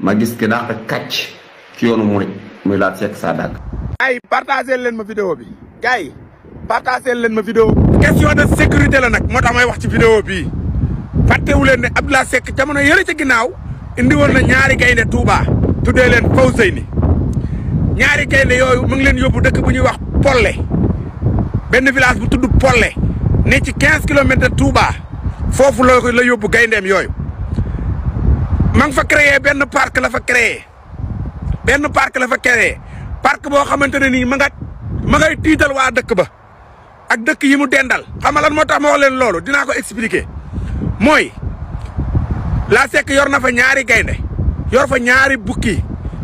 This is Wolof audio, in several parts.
ma gis ki daax kàcc ci yoonu murit muy Laat Sekk Sadaga gars yi partagé leen ma vidéo bi gars yi partagé leen ma vidéo question de sécurité la nag moo tax may wax ci vidéo bii fàttewu leen ne Abdoulaye Seck jamono yële ci ginnaaw indi woon na ñaari gaynde Touba tuddee leen Fawzeyni ñaari gaynde yooyu mu ngi leen yóbbu dëkk bu ñuy wax Polle benn village bu tudd Polle ne ci quinze kilomètres de Touba foofu la la yóbbu gayndeem yooyu ma nga fa créé benn parc la fa créé benn parc la fa créé parc boo xamante ne nii manga nga tiital wa dëkk ba ak dëkk yi mu dendal xam nga lan moo tax ma leen loolu dinaa ko expliquer mooy la sek yor na fa ñaari gaynde yor fa ñaari bukki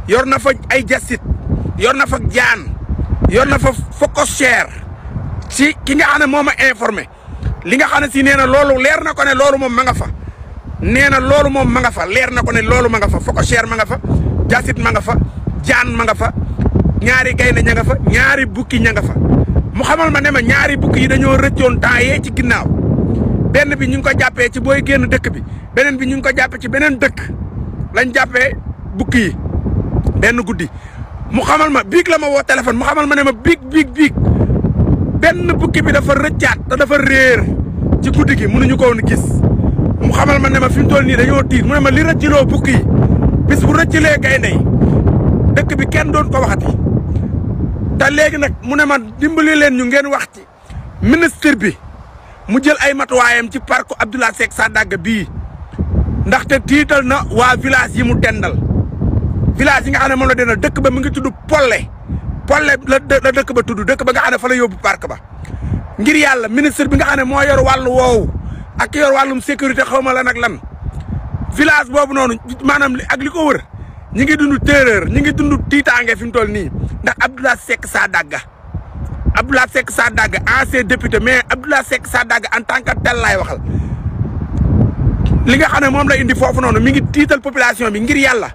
yor na fa ay jasit yor na fa jaan yor na fa fokosheer ci ki nga xam ne moo ma informé li nga xam ne si nee na loolu leer na ko ne loolu moom ma nga fa nee na loolu moom ma nga fa leer na ko ne loolu ma nga fa fokochère ma nga fa jasit ma nga fa jaan manga fa ñaari gaynde ña nga fa ñaari bukki ña nga fa mu xamal ma ne ma ñaari bukki yi dañoo rëccoon temps yee ci ginnaaw benn bi ñu ngi ko jàppee ci booy génn dëkk bi beneen bi ñu ngi ko jàppee ci beneen dëkk lañ jàppee bukki yi benn guddi mu xamal ma biig la ma woo téléphone mu xamal ma ne ma biig biig biig benn bukki bi dafa rëccaat te dafa réer ci guddi gi mënuñu ko woon gis mu xamal ma ne ma fi mu toll nii dañoo tiit mu ne ma li rëcciloo bukki yi bis bu rëccilee gaynde yi dëkk bi kenn doon ko waxati te léegi nag mu ne ma dimbali leen ñu ngeen wax ci ministre bi mu jël ay matuwaayam ci parc Abdoulaye Seck Sadaga bii ndaxte tiital na waa village yi mu dendal village yi nga xam ne moom la dendal dëkk ba mu ngi tudd Polle Polle la la dëkk ba tudd dëkk ba nga xam ne fa la yóbbu parc ba ngir yàlla ministre bi nga xam ne moo yor wàllu woowu ak yor walum sécurité xawma la nak lan village bobu noonu manam ak liko wër ñi ngi dund terreur ñi ngi dund titangé fim toll ni ndax Abdoulaye Seck Sadaga Abdoulaye sa dagga ancien député mais Abdoulaye sa dagga en tant que tel lay waxal li nga xamné mom la indi fofu noonu mi ngi tital population bi ngir yalla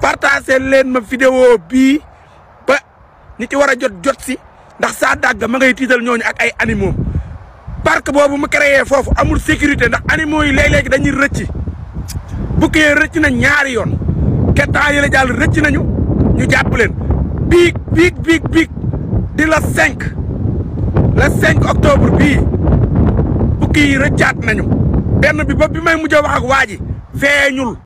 partager len ma vidéo bi ba ni ci wara jot jot si ndax dagga ma ngay tital ñoñu ak ay animaux parc boobu mu créé foofu amul sécurité ndax animaux yi léeg-léegi dañuy rëcc bukki yee rëcc nañ ñaari yoon kettaa yi la jàll rëcc nañu ñu jàpp leen biig biig biig biig di la cinq le cinq octobre bii bukki yi rëccaat nañu benn bi ba bi may mujj wax ak waa feeñul